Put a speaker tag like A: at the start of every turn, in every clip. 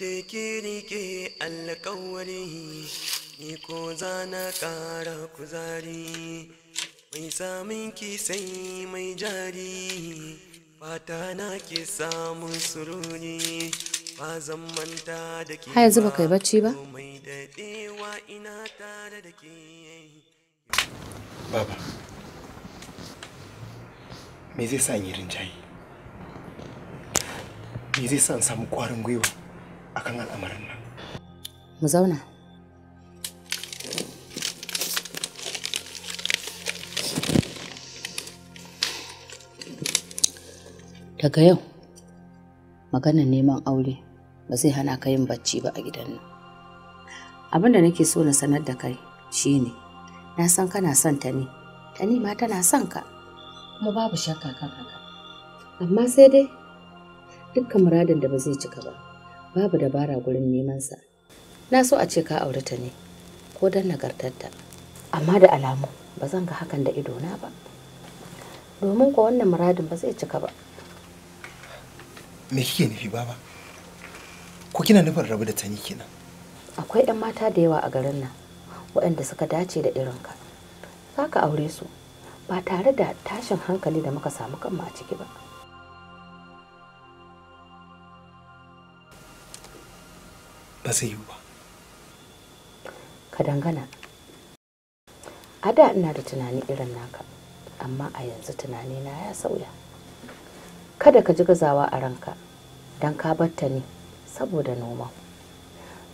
A: da ke rike alkawari ni ko zana na ƙara kuzari mai samun kisai mai jari fata na ke samun sururi ba zan manta da ke ba zuba kai
B: bacci ba mai daɗewa ina tare
C: da ke baba me zai sa yi rinjaye me zai sa in samu kwarin gwiwa akan al'amarin nan
D: mu zauna daga yau maganar neman aure ba zai hana ka yin bacci ba a gidan nan abin da nake so na sanar da kai shine na san kana son ta ne ta ma tana son ka kuma babu shakka kan haka amma sai dai dukkan muradin da ba zai cika ba babu dabara gurin neman sa na so a ce ka aure ta ne ko dan nagartarta amma da alamu ba zan ga hakan da idona ba domin ko wannan muradin ba zai cika ba
C: me kike nufi baba ko kina nufin rabu da tani kenan
D: akwai 'yan mata da yawa a garin nan waɗanda suka dace da irinka za ka aure su ba tare da tashin hankali da muka samu kanmu a ciki ba ba zai yi ba ka dangana a da ina da tunani irin naka amma a yanzu tunani na ya sauya kada ka ji gazawa a ranka don ka batta ne saboda noma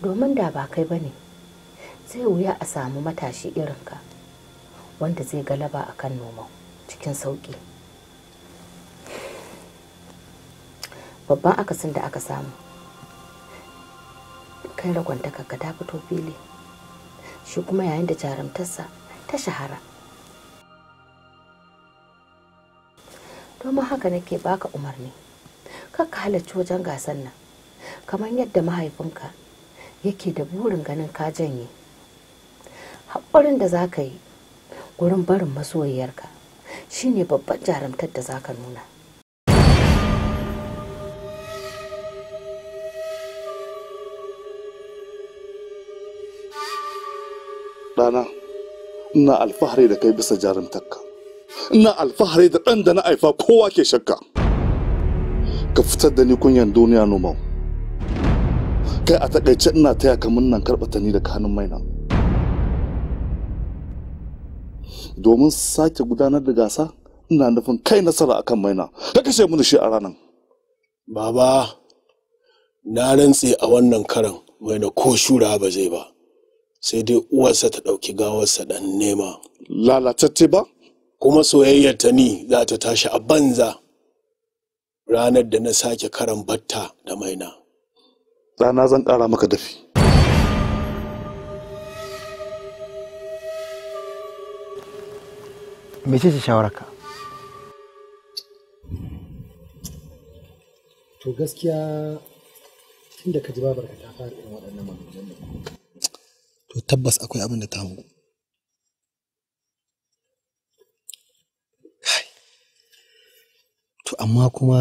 D: domin da ba kai ba ne, zai wuya a samu matashi irinka wanda zai galaba a kan noma cikin sauƙi babban akasin da aka samu kan ka ta fito fili shi kuma yayin da jarumtarsa ta shahara domin haka nake baka umarni kar ka halarci wajen gasan nan kamar yadda mahaifinka yake da burin ganin ka janye haƙurin da za ka yi gurin barin masoyiyarka shine babban jarumtar da za ka nuna
E: ɗana ina alfahari da kai bisa jarumtarka ina alfahari da ɗan da na haifa kowa ke shakka ka fitar da ni kunyan duniya nomau kai a takaice ina taya ka nan karɓata ni da kanin maina domin sake gudanar da gasa ina nufin kai nasara akan maina ka kashe mu da shi a ranar baba na rantse a wannan karan maina ko
F: shura ba zai ba sai dai uwarsa ta ɗauki gawarsa ɗan nema. Lalatacce ba? Kuma soyayyar ta ni za ta tashi a banza ranar da na sake karan batta da maina.
E: Ɗana zan ƙara maka dafi.
C: Mece ce shawararka? To gaskiya tun da ka ji babarka ta fara irin waɗannan maganganun to tabbas akwai abin da ta hango to amma kuma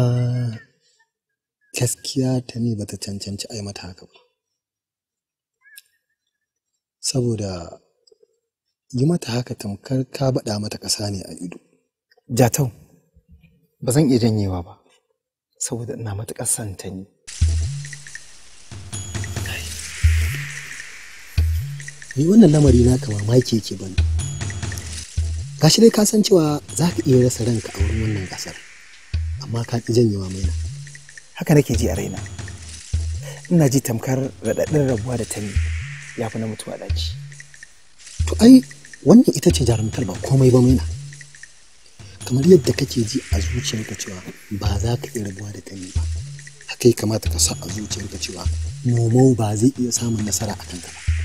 C: gaskiya ta ne ba ta cancanci ai mata haka ba saboda yi mata haka tamkar ka baɗa mata ƙasa ne a ido jatau ba zan iya janyewa ba saboda ina matuƙar santa ni ni wannan lamari naka mamaki yake bani shi dai ka san cewa za ka iya rasa ranka a wurin wannan gasar amma ka ki janyewa maina haka nake ji a raina ina ji tamkar raɗaɗin rabuwa da tani ya fi na mutuwa ɗaci to ai wannan ita ce jarumtar ba komai ba maina kamar yadda kake ji a zuciyarka cewa ba za ka iya rabuwa da tani ba haka ya kamata ka sa a zuciyarka cewa momo ba zai iya samun nasara a kanka ba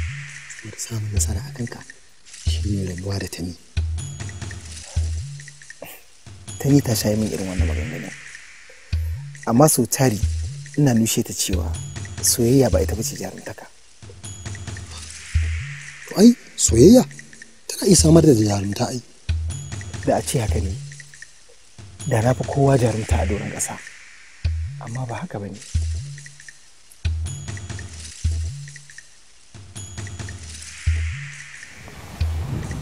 C: kasuwar samun nasara a kanka shine rabuwa da tani tani ta sha min irin wannan maganganu. amma sau tari ina nushe ta cewa soyayya ba ita bace jarumtaka to ai soyayya tana iya samar da jarumta ai da a ce haka ne da na fi kowa jarumta a doron ƙasa amma ba haka ba ne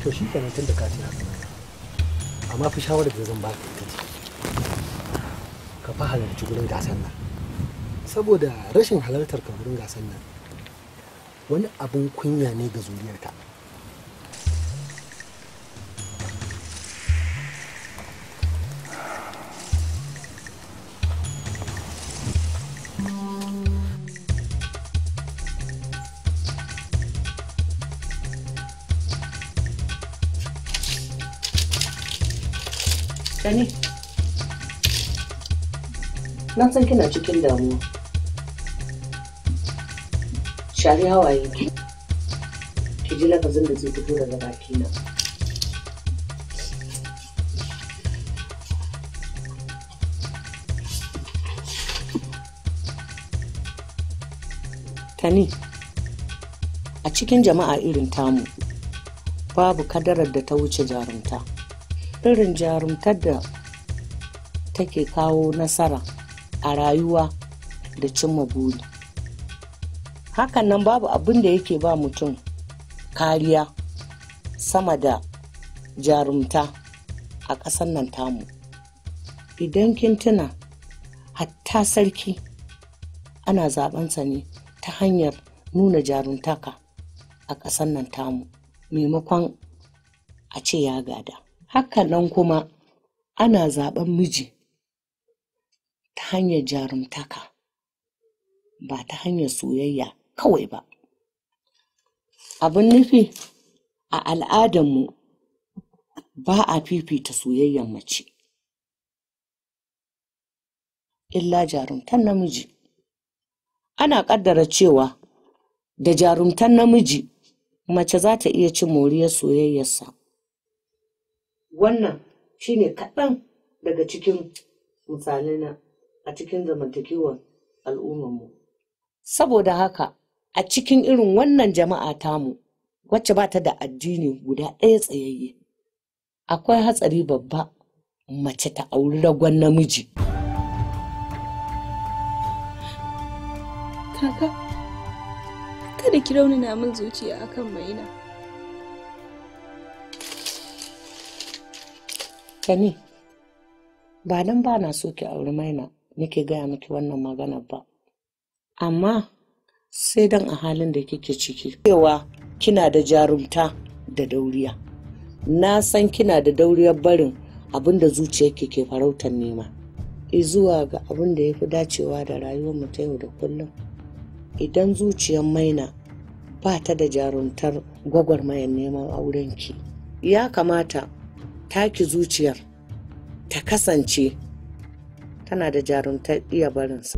C: to shi kenan tun da kaci amma fi shawarar da zan ba ka ita ce ka fi halarci gurin gasan nan saboda rashin halartar ka gurin gasan nan wani abin kunya ne ga zuriyarka
B: Sani, na san kina cikin damuwa. Shari hawaye, ki ji lafazin da zai fito daga bakina. Tani, a cikin jama'a irin tamu, babu kadarar da ta wuce jarumta. irin jarumtar da take kawo nasara a rayuwa da cimma buri hakan nan babu abin da yake ba mutum kariya sama da jarumta a ƙasar nan tamu idan kin tuna hatta sarki ana zaɓensa ne ta hanyar nuna jaruntaka a ƙasar nan tamu maimakon a ce ya gada Hakanan kuma ana zaɓen miji ta hanyar jarumtaka ba ta hanyar soyayya kawai ba abin nufi a al'adarmu ba a fifita soyayyar mace illa jarumtar namiji ana ƙaddara cewa da jarumtar namiji mace za ta iya cin moriyar soyayyarsa wannan shine kaɗan daga cikin misalina a cikin zamantakewar al'ummarmu. Saboda haka a cikin irin wannan jama'a tamu wacce ba ta da addini guda ɗaya tsayayye akwai hatsari babba mace ta auri ragon namiji. Kaka, kada ki
D: raunina min zuciya akan maina.
B: Sani, ba don ba na so ki auri maina nake gaya miki wannan magana ba, amma sai don a halin da kike ciki. Cewa kina da jarumta da dauriya. Na san kina da dauriyar barin abin da zuciyarki ke farautar nema. zuwa ga abin da ya fi dacewa da rayuwar mu ta yau da kullum. Idan zuciyar maina ba ta da jarumtar gwagwarmayar neman aurenki, ya kamata taki zuciyar ta kasance tana da jarumtar iya barinsa.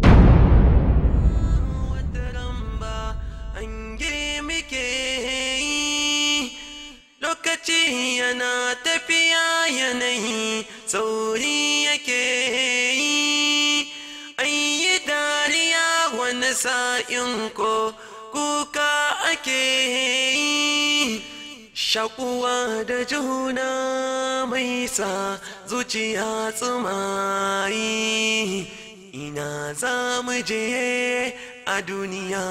A: lokaci yana tafiya yanayi sauri yake yi an yi dariya wani sa'in ko kuka ake yi shakuwa da juna mai sa zuciya tsumayi ina za mu je a duniya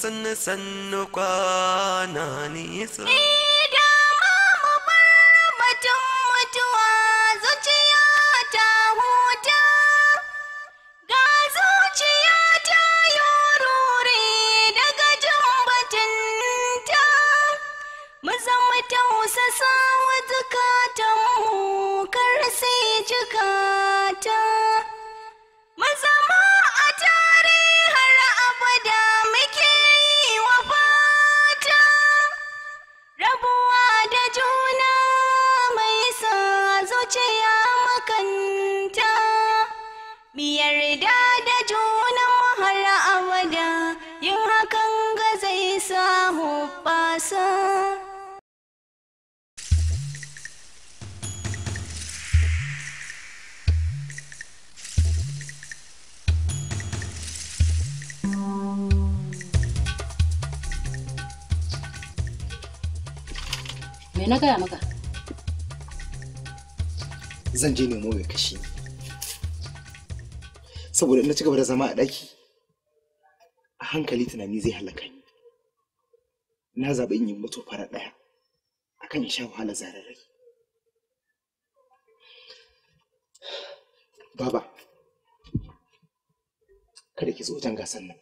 A: sannu sannu kwana nisa
D: na gaya maka
C: zan je nemo mai kashe saboda na ci gaba da zama a ɗaki a hankali tunani zai halaka ni na zaɓi in yi mutu fara ɗaya akan in sha wahala zararai baba kada ki zo wajen gasan nan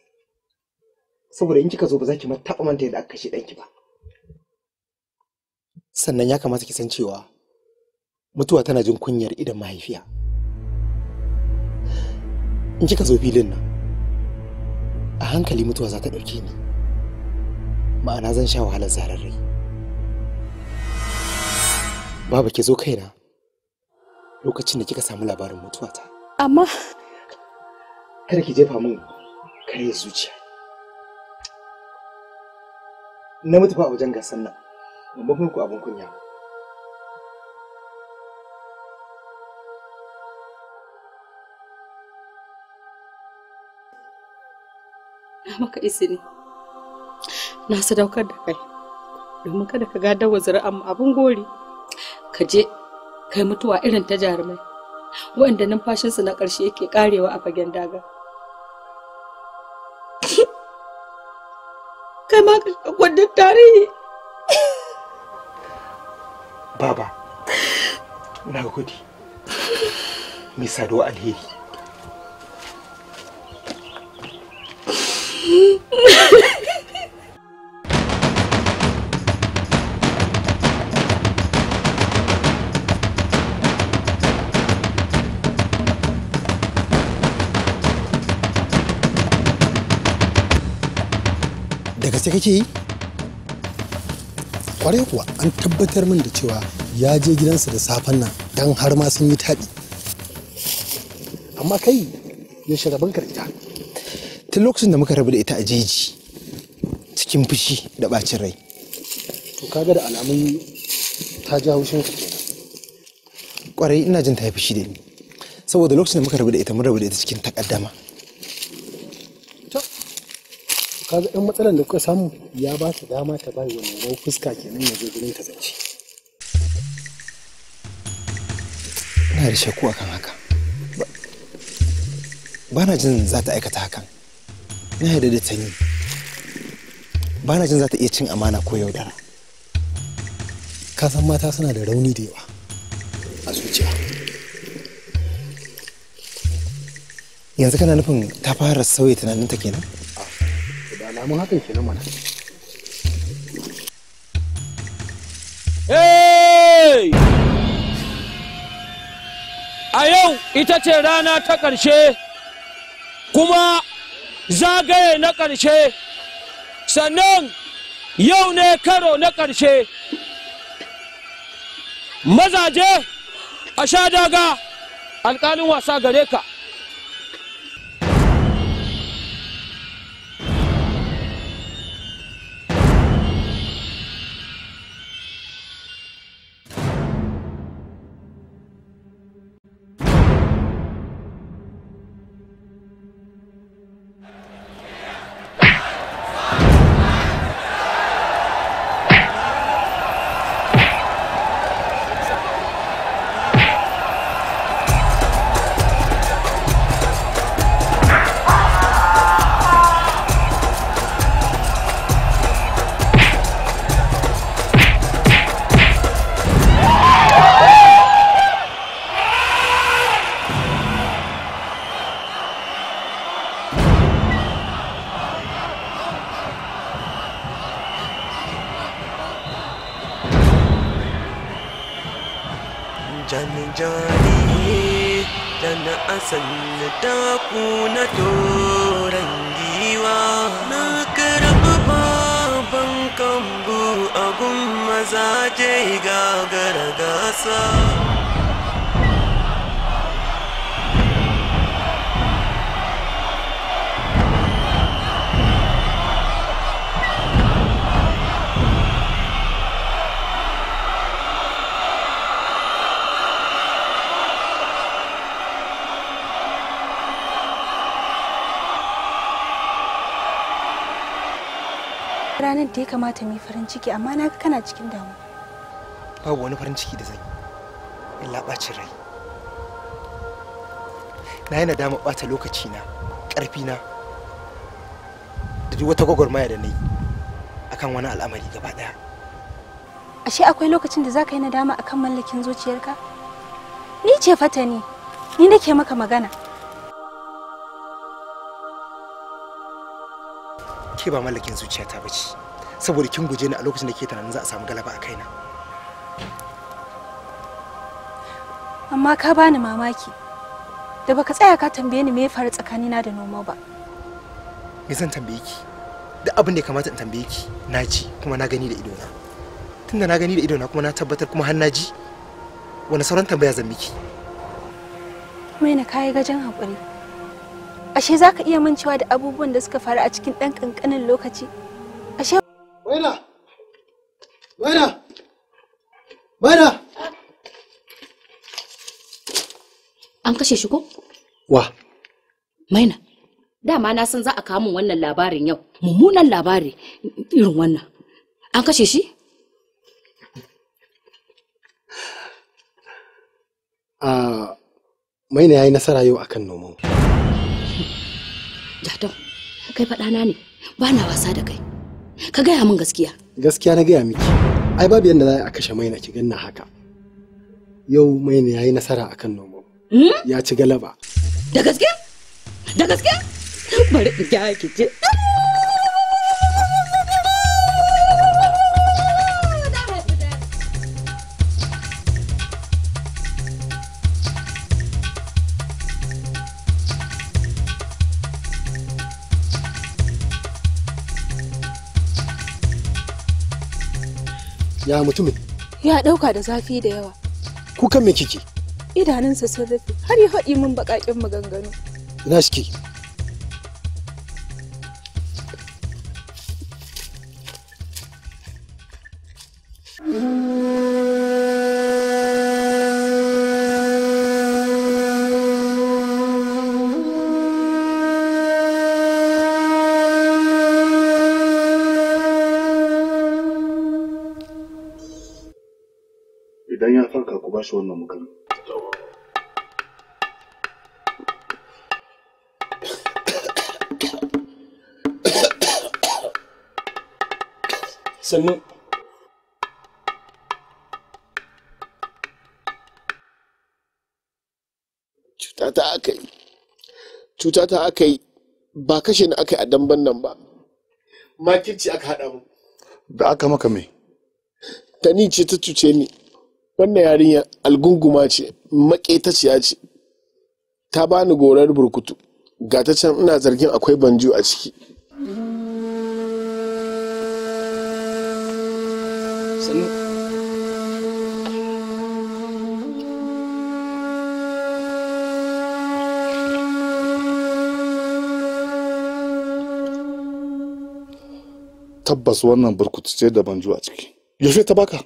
C: saboda in kika zo ba za ki taɓa manta yadda aka kashe ɗanki ba sannan ya kamata ki san cewa mutuwa tana jin kunyar idan mahaifiya in kika zo filin nan a hankali mutuwa za ta ɗauke ni ma'ana zan sha wahalar zarar rai baba ki zo kaina lokacin da kika samu labarin mutuwata amma kada ki jefa min kare zuciya na mutu ba wajen gasar nan mun mafi ku abin kunya
B: na maka izini
D: na sadaukar da kai domin kada ka ga dawa zuri'an abin gori ka je kai mutuwa irin ta jarumai waɗanda numfashinsu na ƙarshe yake ƙarewa a fagen daga
B: kai ma ka tarihi
C: baba na gode mai sado alheri da sai kake yi kwarai kuwa an tabbatar min da cewa ya je gidansa da safen nan don har ma sun yi taɗi amma kai ya shiga bankar ita tun lokacin da muka rabu da ita a jeji cikin fushi da bacin rai to kaga da alamun ta ja haushin kwarai ina jin ta fushi da ni saboda lokacin da muka rabu da ita mun rabu da ita cikin takaddama kaga ɗan matsalar da kuka samu ya ba ta dama ta bai wa mai fuska kenan ya zo gurin ta zance ina da shakku akan haka ba na jin za ta aikata hakan na yarda da tanyi ba na jin za ta iya cin amana ko yaudara ka san mata suna da rauni da yawa a zuciya yanzu kana nufin ta fara sauya tunaninta kenan alamun hakan kenan mana
F: Hey! A yau ita ce rana ta ƙarshe kuma zagaye na ƙarshe sannan yau ne karo na ƙarshe mazaje a sha daga alƙalin wasa gare ka.
A: जानी तन असन
D: ranar da ya kamata mu yi farin ciki amma na ga kana cikin damu
C: babu wani farin ciki da zan yi illa ɓacin rai na yi nadama ɓata lokacina ƙarfina da duk wata gwagwarmaya da na yi akan wani al'amari gaba ɗaya
D: ashe akwai lokacin da za ka yi nadama akan mallakin zuciyarka ni ce ne, ni nake maka magana
C: ke ba mallakin zuciyata ba ce saboda kin guje ni a lokacin da ke tunanin za a samu galaba a kaina
D: amma ka bani mamaki da baka tsaya ka tambaye ni me ya faru tsakanina da noma ba
C: me zan tambaye ki duk abin da ya kamata in tambaye ki na ji kuma na gani da idona tunda na gani da idona kuma na tabbatar kuma har na ji wani sauran tambaya zan miki
D: mai na kayi gajen hakuri? ashe za ka iya mancewa da abubuwan da suka faru a cikin ɗan ƙanƙanin lokaci
C: Maida! Maida! An kashe shi ko? Wa.
D: Maina, dama na san za a kawo wannan labarin yau, mummunan labari irin wannan. An kashe shi?
C: Ah, maina ya yi nasara yau akan noman.
D: Jatau, kai faɗana ne, ba na wasa da kai. Ka gaya min gaskiya.
C: Gaskiya na gaya miki. ai babu yadda za a kashe maina ki ganna haka yau maina ya yi nasara akan nomo hmm? ya ci galaba da gaske
G: da gaske bari in ki
C: ya mutumin
D: ya dauka da zafi da yawa
C: kukan me kike
D: idanunsa sun rufe har ya faɗi min baƙaƙen maganganu
C: ina suke
E: idan ya farka ku ba shi wannan mukan.
F: Sannu. cuta ta aka yi cuta ta aka yi ba kashe ni aka yi a damban nan ba makirci aka haɗa mu
E: da aka maka mai
F: tani ce ta cuce ni wannan yarinyar algunguma ce maƙetaciya ce ta bani gorar burkutu ga ta can ina zargin akwai banjo a ciki
E: tabbas wannan burkutu ce da banjo a ciki yaushe ta baka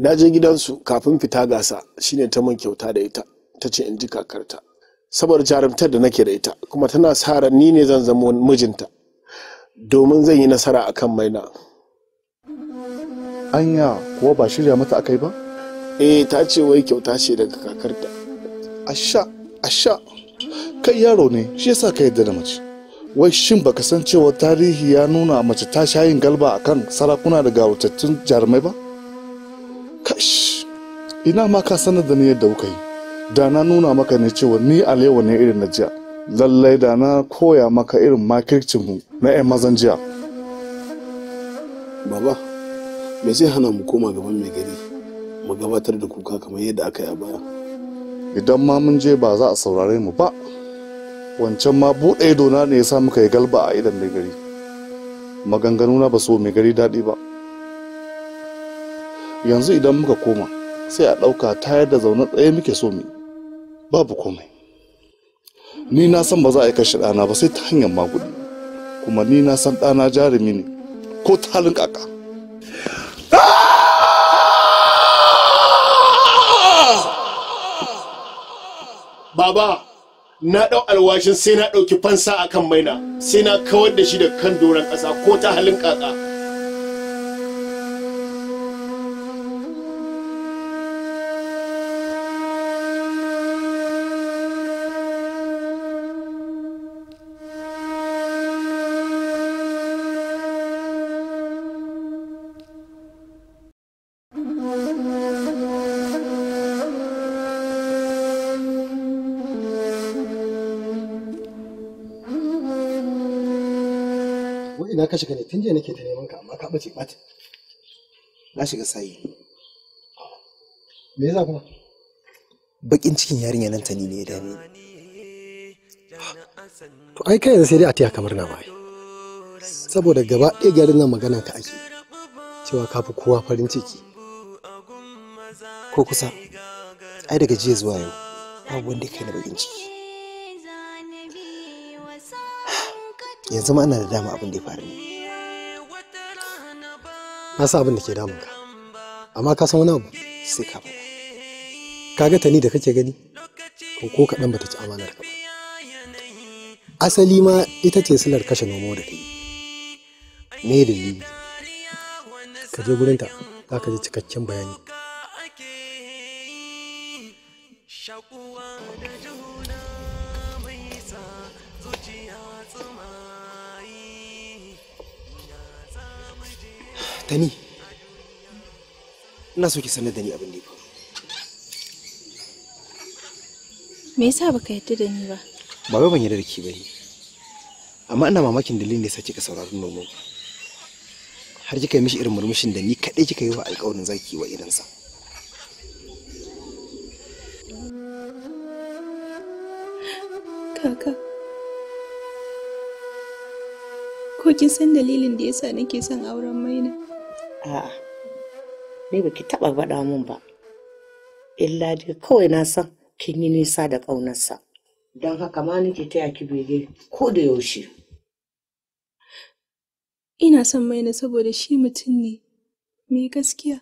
E: na je gidansu kafin fita
F: gasa shine ta man kyauta da ita ta ce in ji kakarta saboda jarumtar da nake da ita kuma tana sa ran ni ne zan zama mijinta domin zan yi nasara a kan maina
E: anya kuwa ba shirya mata akai ba
F: eh ta ce wai kyauta ce daga kakarta
E: asha asha kai yaro ne shi yasa ka yadda da mace wai shin baka san cewa tarihi ya nuna mace ta sha yin galba akan sarakuna da gawatattun jarumai ba ina ma ka sanar da ni yadda kuka yi da na nuna maka ne cewa ni alewa ne irin na jiya lallai da na koya maka irin makircin mu na 'yan mazan jiya baba me zai hana mu koma gaban mai gari mu gabatar da kuka kamar yadda aka yi a baya idan ma mun je ba za a saurare mu ba wancan ma buɗe idona ne ya sa muka yi galba a idan mai gari maganganu na ba so mai gari daɗi ba yanzu idan muka koma sai a ɗauka ta da zaune ɗaya muke so mu babu komai ni na san ba za a yi kashe ɗana ba sai ta hanyar magudi kuma ni na san ɗana jarumi ne ko talin ƙaƙa.
F: baba na ɗau alwashin sai na ɗauki fansa a kan maina sai na kawar da shi da kan doron ƙasa ko ta halin ƙaƙa.
C: ina ka shiga ne tun jiya nake ta neman ka amma ka bace bat na shiga sayi me yasa kuma bakin cikin yarinya nan tani ne ya dame to ai kai sai dai a taya kamar na bai saboda gaba ɗaya garin nan magana ka ake cewa ka fi kowa farin ciki ko kusa ai daga jiya zuwa yau babu wanda kai na bakin ciki yanzu ma ana da dama abin da ya faru ne na sa abin da ke damun ka amma ka san wani abu sai ka faɗa ka ta ni da kake gani ko kaɗan bata ci amanar ka ba asali ma ita ce silar kashe nomo da kai me dalili ka je gurinta za ka ji cikakken bayani tani ina so ki sanar da ni abin da ya
D: me yasa baka yarda da ni ba
C: ba wai ban yarda da ki ne amma ina mamakin dalilin da yasa kika saurari nono har kika yi mishi irin murmushin da ni kadai kika yi wa alƙawarin zaki wa irinsa
D: kaka ko kin san dalilin da yasa nake son auren
B: maina a'a ni baki taɓa faɗa mun ba illa dai kawai na san kin yi nisa da ƙaunarsa don haka ma nake taya ki bege ko da yaushe
D: ina son maina saboda shi mutum ne mai gaskiya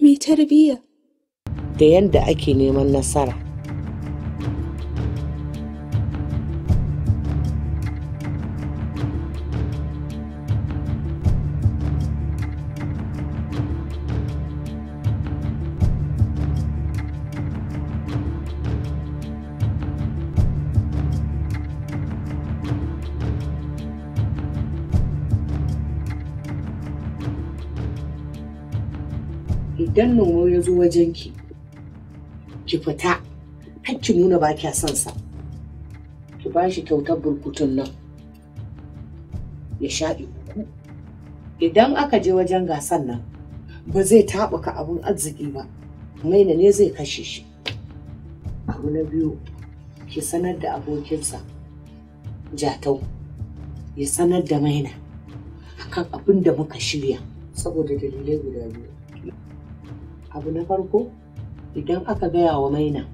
D: mai tarbiyya
B: da yadda ake neman nasara idan nono ya zo wajen ki ki fita hakkin ki nuna ba kya son sa ki ba shi kyautar burkutun nan ya sha ku idan aka je wajen gasan nan ba zai taɓuka abun arziki ba maina ne zai kashe shi abu na biyu ki sanar da abokinsa jatau ya sanar da maina akan abin da muka shirya saboda dalilai guda biyu abu na farko idan aka gaya wa maina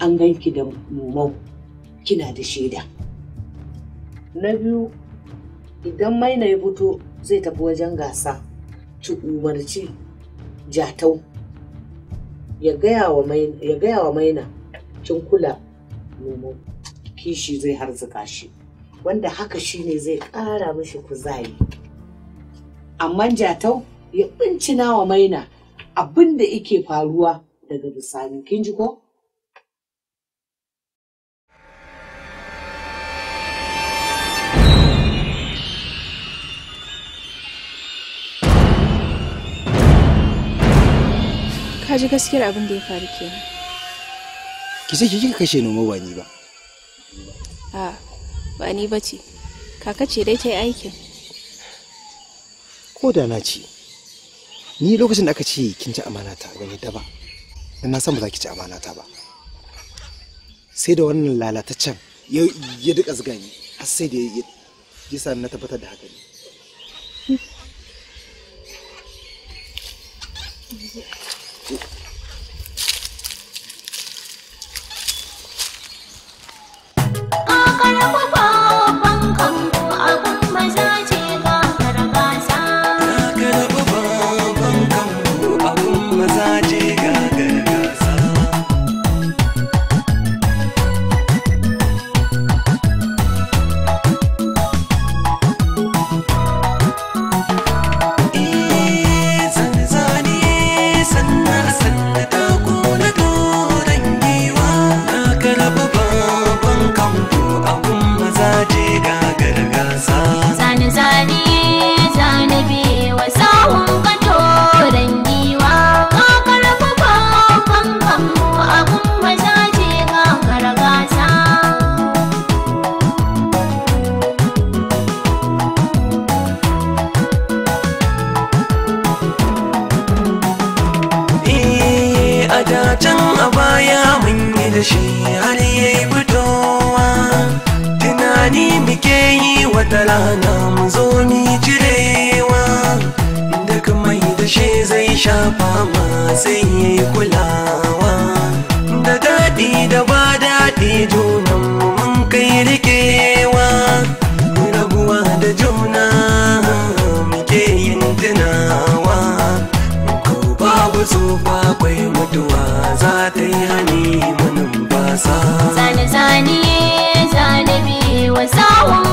B: an ganki da mumau kina da shaida na biyu idan maina ya fito zai tafi wajen gasa ci umarci jatau ya gaya wa maina kin kula mumau kishi zai harzuka shi wanda haka shine zai ƙara mishi kuzari amma jatau ya bincina wa maina abin da yake faruwa daga bisani kin ji ko
D: ka ji gaskiyar abin da ya faru kenan
C: ki ce kika kashe noma ba ni ba
D: a ba ni bace kaka ce dai ta yi aikin
C: ko da na ce ni lokacin da aka ce kin ci amana ta ban yadda ba na san ba za ki ci amana ta ba sai da wannan lalataccen ya duka zuga har sai da ya sa na tabbatar da haka ne
A: Oh, da shi har ya yi fitowa tunani muke yi wata rana mu zo mi cirewa daga mai da shi zai shafa ma sai ya yi kulawa da daɗi da ba daɗi junan mu mun kai rikewa rabuwa da juna muke yin tunawa ko babu tsofa za ta yi hani manin basa
G: zane zane zane biyu wa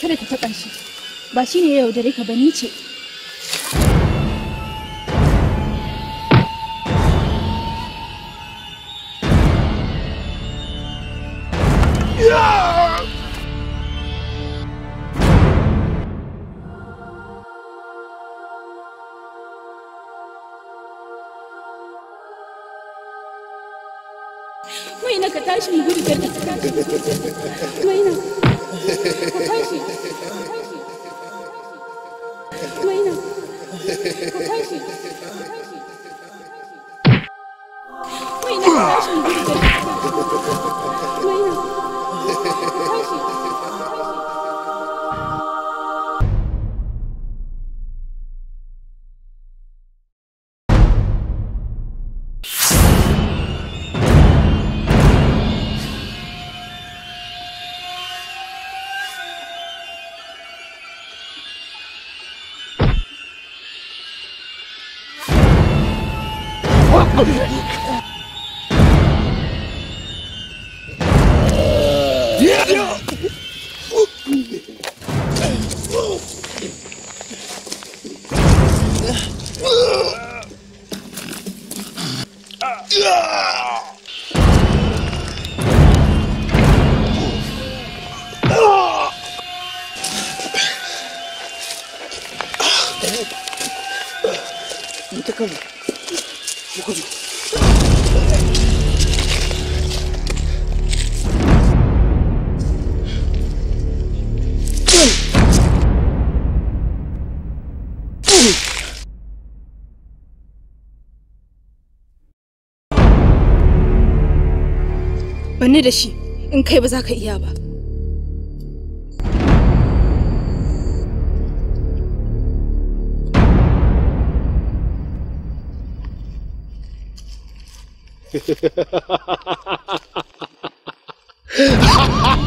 D: kada ka taɓa shi ba shi ne yaudare ka bani ce
F: Come on. amfani da shi
D: in kai ba za ka iya ba. Ha ha ha!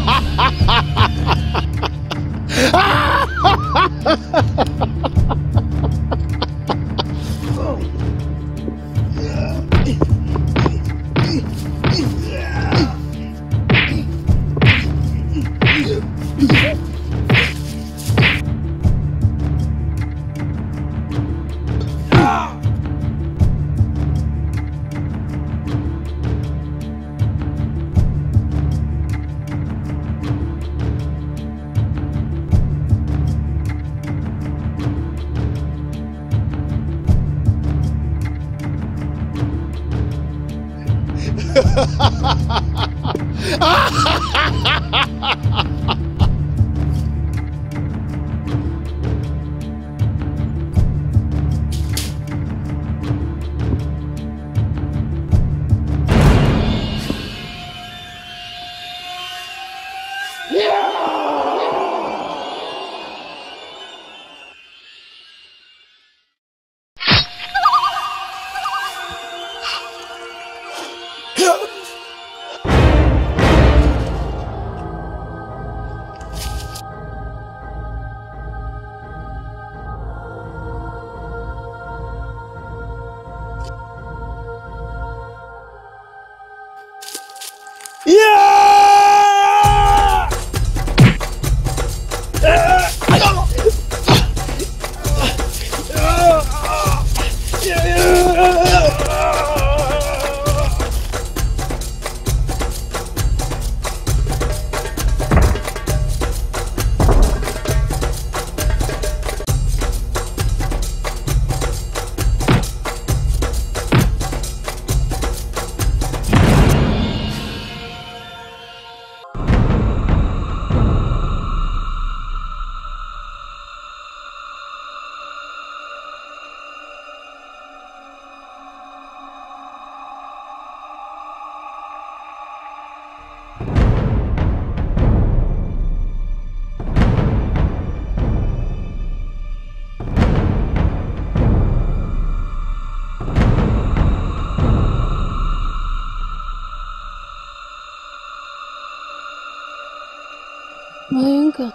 D: に。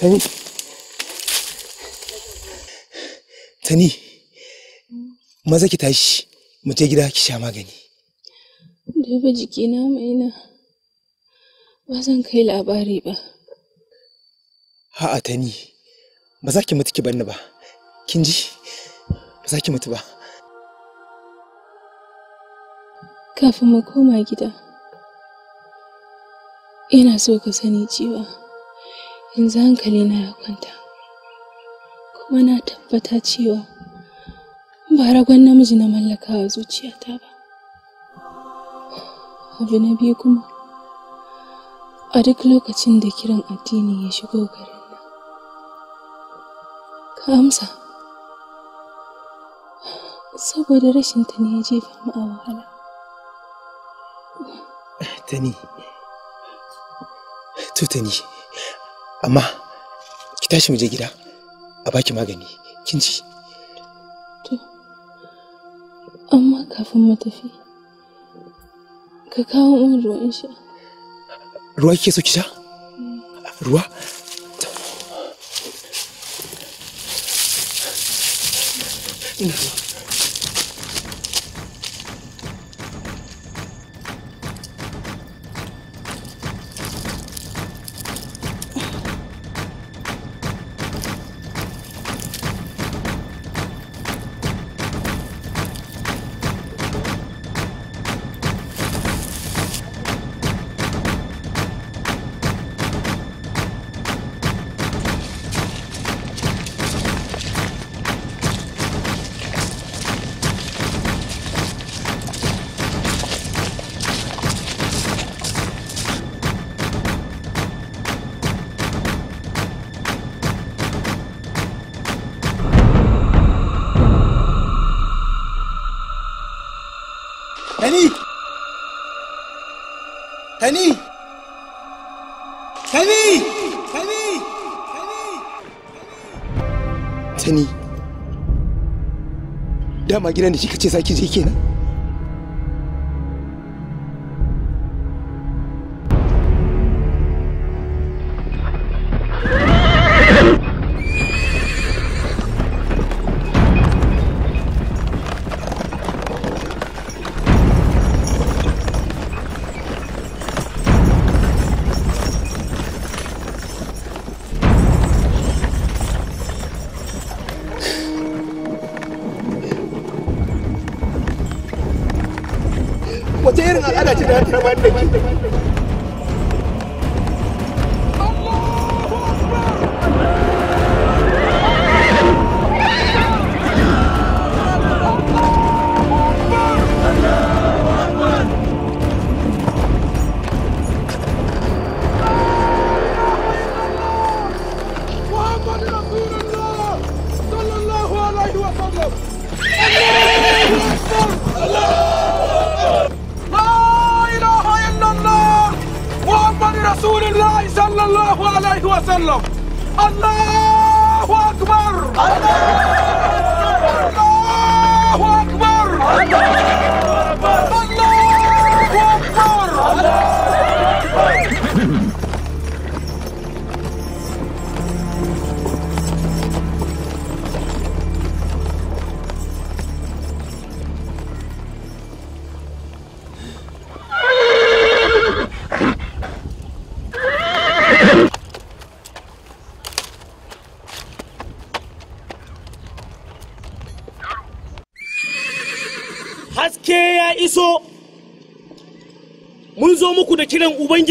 C: テニ。テニ。まざき大使。mu je gida ki sha magani
D: duba jikina mai na ba zan kai labari ba
C: a ta ni ba za ki mutu ki banni ba kin ji ba za ki mutu ba
D: kafin mu koma gida ina so ka sani cewa yanzu hankali na ya kwanta kuma na tabbata cewa ba ragon namiji na mallaka a zuciyata ba abu na biyu kuma a duk lokacin da kiran addini ya shigo garin nan ka amsa saboda rashin ta ne ya jefa mu a wahala
C: tani to tani amma ki tashi mu je gida a baki magani kin ci
D: amma kafin mu tafi ka kawo min ruwan sha
C: ruwa kike so ki sha ruwa ina dama gidan da kika ce zaki je kenan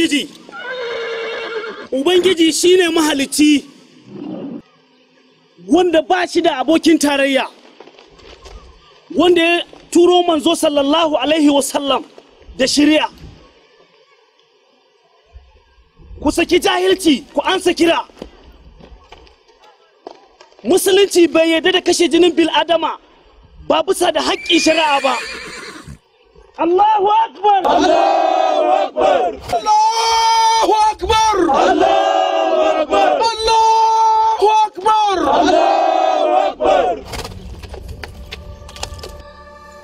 F: ubangiji ubangiji ne mahalicci wanda ba shi da abokin tarayya wanda ya turo manzo sallallahu alaihi wasallam da shirya ku saki jahilci ku ansa kira musulunci bai yarda da kashe jinin bil'adama ba bisa da haƙƙi shari'a ba Allahu akbar
G: Allahu akbar Allahu Akbar! Allahu Akbar! Allahu Akbar!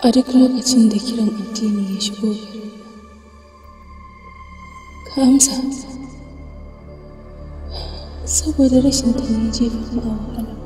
D: A duk lokacin da kiran addini ya shigo ka amsa saboda rashin ta ne jefa a wahala.